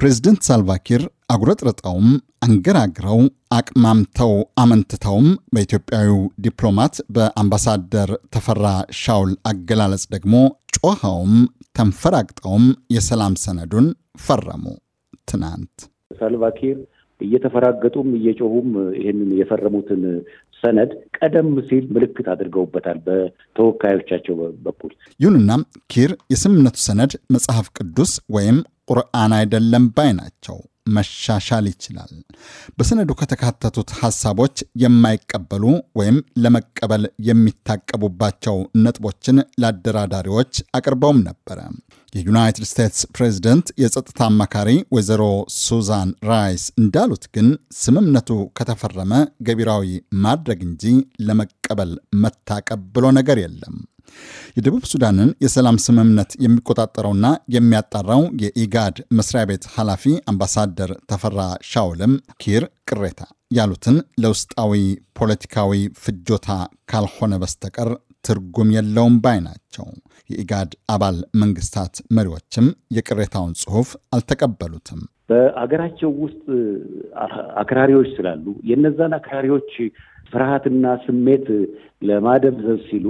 ፕሬዝደንት ሳልቫኪር አጉረጥርጠውም አንገራግረው አቅማምተው አመንትተውም በኢትዮጵያዊው ዲፕሎማት በአምባሳደር ተፈራ ሻውል አገላለጽ ደግሞ ጮኸውም ተንፈራግጠውም የሰላም ሰነዱን ፈረሙ። ትናንት ሳልቫኪር እየተፈራገጡም እየጮሁም ይህንን የፈረሙትን ሰነድ ቀደም ሲል ምልክት አድርገውበታል በተወካዮቻቸው በኩል። ይሁንና ኪር የስምምነቱ ሰነድ መጽሐፍ ቅዱስ ወይም ቁርአን አይደለም ባይ ናቸው። መሻሻል ይችላል። በሰነዱ ከተካተቱት ሐሳቦች የማይቀበሉ ወይም ለመቀበል የሚታቀቡባቸው ነጥቦችን ለአደራዳሪዎች አቅርበውም ነበረ። የዩናይትድ ስቴትስ ፕሬዝደንት የጸጥታ አማካሪ ወይዘሮ ሱዛን ራይስ እንዳሉት ግን ስምምነቱ ከተፈረመ ገቢራዊ ማድረግ እንጂ ለመቀበል መታቀብ ብሎ ነገር የለም። የደቡብ ሱዳንን የሰላም ስምምነት የሚቆጣጠረውና የሚያጣራው የኢጋድ መስሪያ ቤት ኃላፊ አምባሳደር ተፈራ ሻውልም ኪር ቅሬታ ያሉትን ለውስጣዊ ፖለቲካዊ ፍጆታ ካልሆነ በስተቀር ትርጉም የለውም ባይ ናቸው። የኢጋድ አባል መንግስታት መሪዎችም የቅሬታውን ጽሑፍ አልተቀበሉትም። በአገራቸው ውስጥ አክራሪዎች ስላሉ የነዛን አክራሪዎች ፍርሃትና ስሜት ለማደብዘዝ ሲሉ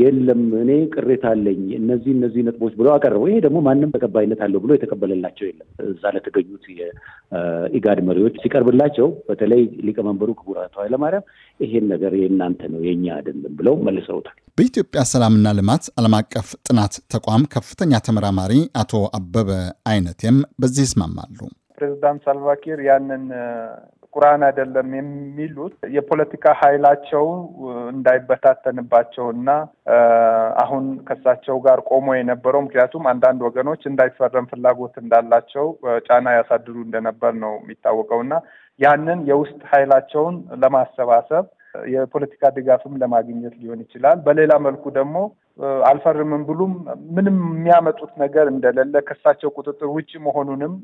የለም እኔ ቅሬታ አለኝ እነዚህ እነዚህ ነጥቦች ብለው አቀረቡ። ይሄ ደግሞ ማንም ተቀባይነት አለው ብሎ የተቀበለላቸው የለም። እዛ ለተገኙት የኢጋድ መሪዎች ሲቀርብላቸው በተለይ ሊቀመንበሩ ክቡር አቶ ኃይለማርያም ይሄን ነገር የእናንተ ነው የእኛ አይደለም ብለው መልሰውታል። በኢትዮጵያ ሰላምና ልማት ዓለም አቀፍ ጥናት ተቋም ከፍተኛ ተመራማሪ አቶ አበበ አይነቴም በዚህ ይስማማሉ። ፕሬዚዳንት ሳልቫኪር ያንን ቁርአን አይደለም የሚሉት የፖለቲካ ኃይላቸው እንዳይበታተንባቸው እና አሁን ከሳቸው ጋር ቆሞ የነበረው ምክንያቱም አንዳንድ ወገኖች እንዳይፈረም ፍላጎት እንዳላቸው ጫና ያሳድሩ እንደነበር ነው የሚታወቀው እና ያንን የውስጥ ኃይላቸውን ለማሰባሰብ የፖለቲካ ድጋፍም ለማግኘት ሊሆን ይችላል። በሌላ መልኩ ደግሞ አልፈርምም ብሉም ምንም የሚያመጡት ነገር እንደሌለ ከእሳቸው ቁጥጥር ውጭ መሆኑንም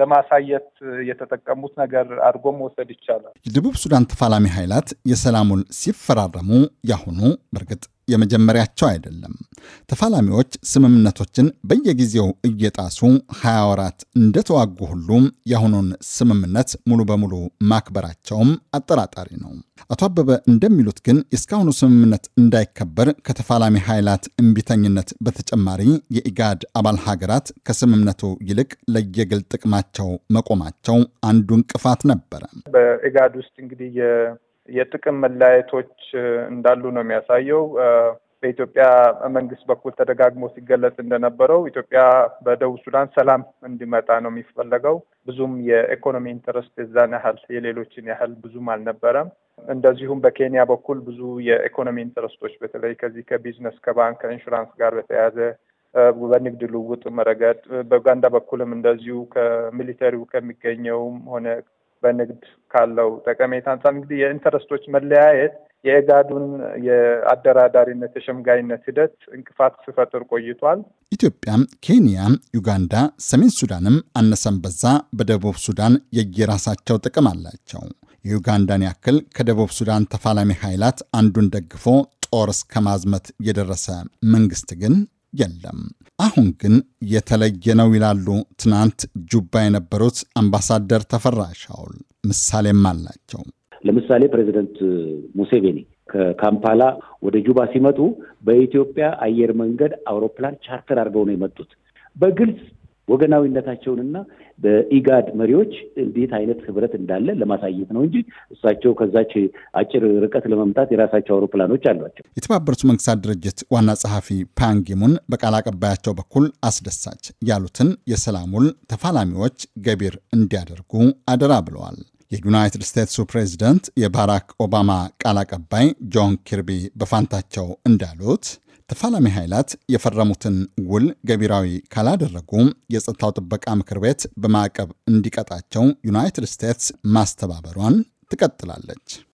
ለማሳየት የተጠቀሙት ነገር አድርጎ መውሰድ ይቻላል። የደቡብ ሱዳን ተፋላሚ ኃይላት የሰላሙን ሲፈራረሙ ያሁኑ በእርግጥ የመጀመሪያቸው አይደለም። ተፋላሚዎች ስምምነቶችን በየጊዜው እየጣሱ ሀያ ወራት እንደተዋጉ ሁሉ የአሁኑን ስምምነት ሙሉ በሙሉ ማክበራቸውም አጠራጣሪ ነው። አቶ አበበ እንደሚሉት ግን የእስካሁኑ ስምምነት እንዳይከበር ከተፋላሚ ኃይላት እምቢተኝነት በተጨማሪ የኢጋድ አባል ሀገራት ከስምምነቱ ይልቅ ለየግል ጥቅማቸው መቆማቸው አንዱ እንቅፋት ነበረ። በኢጋድ ውስጥ እንግዲህ የጥቅም መለያየቶች እንዳሉ ነው የሚያሳየው። በኢትዮጵያ መንግስት በኩል ተደጋግሞ ሲገለጽ እንደነበረው ኢትዮጵያ በደቡብ ሱዳን ሰላም እንዲመጣ ነው የሚፈለገው። ብዙም የኢኮኖሚ ኢንተረስት የዛን ያህል የሌሎችን ያህል ብዙም አልነበረም። እንደዚሁም በኬንያ በኩል ብዙ የኢኮኖሚ ኢንተረስቶች በተለይ ከዚህ ከቢዝነስ ከባንክ፣ ከኢንሹራንስ ጋር በተያያዘ በንግድ ልውውጥ መረገድ በኡጋንዳ በኩልም እንደዚሁ ከሚሊተሪው ከሚገኘውም ሆነ በንግድ ካለው ጠቀሜታ አንጻር እንግዲህ የኢንተረስቶች መለያየት የኤጋዱን የአደራዳሪነት የሸምጋይነት ሂደት እንቅፋት ሲፈጥር ቆይቷል። ኢትዮጵያ፣ ኬንያ፣ ዩጋንዳ፣ ሰሜን ሱዳንም አነሰም በዛ በደቡብ ሱዳን የየራሳቸው ጥቅም አላቸው። የዩጋንዳን ያክል ከደቡብ ሱዳን ተፋላሚ ኃይላት አንዱን ደግፎ ጦር እስከ ማዝመት የደረሰ መንግስት ግን የለም። አሁን ግን የተለየ ነው ይላሉ ትናንት ጁባ የነበሩት አምባሳደር ተፈራ ሻውል። ምሳሌም አላቸው። ለምሳሌ ፕሬዚደንት ሙሴቬኒ ከካምፓላ ወደ ጁባ ሲመጡ በኢትዮጵያ አየር መንገድ አውሮፕላን ቻርተር አድርገው ነው የመጡት። በግልጽ ወገናዊነታቸውንና በኢጋድ መሪዎች እንዴት አይነት ህብረት እንዳለ ለማሳየት ነው እንጂ እሳቸው ከዛች አጭር ርቀት ለመምጣት የራሳቸው አውሮፕላኖች አሏቸው። የተባበሩት መንግስታት ድርጅት ዋና ጸሐፊ ፓንጊሙን በቃል አቀባያቸው በኩል አስደሳች ያሉትን የሰላም ውል ተፋላሚዎች ገቢር እንዲያደርጉ አደራ ብለዋል። የዩናይትድ ስቴትሱ ፕሬዚደንት የባራክ ኦባማ ቃል አቀባይ ጆን ኪርቢ በፋንታቸው እንዳሉት ተፋላሚ ኃይላት የፈረሙትን ውል ገቢራዊ ካላደረጉ የጸጥታው ጥበቃ ምክር ቤት በማዕቀብ እንዲቀጣቸው ዩናይትድ ስቴትስ ማስተባበሯን ትቀጥላለች።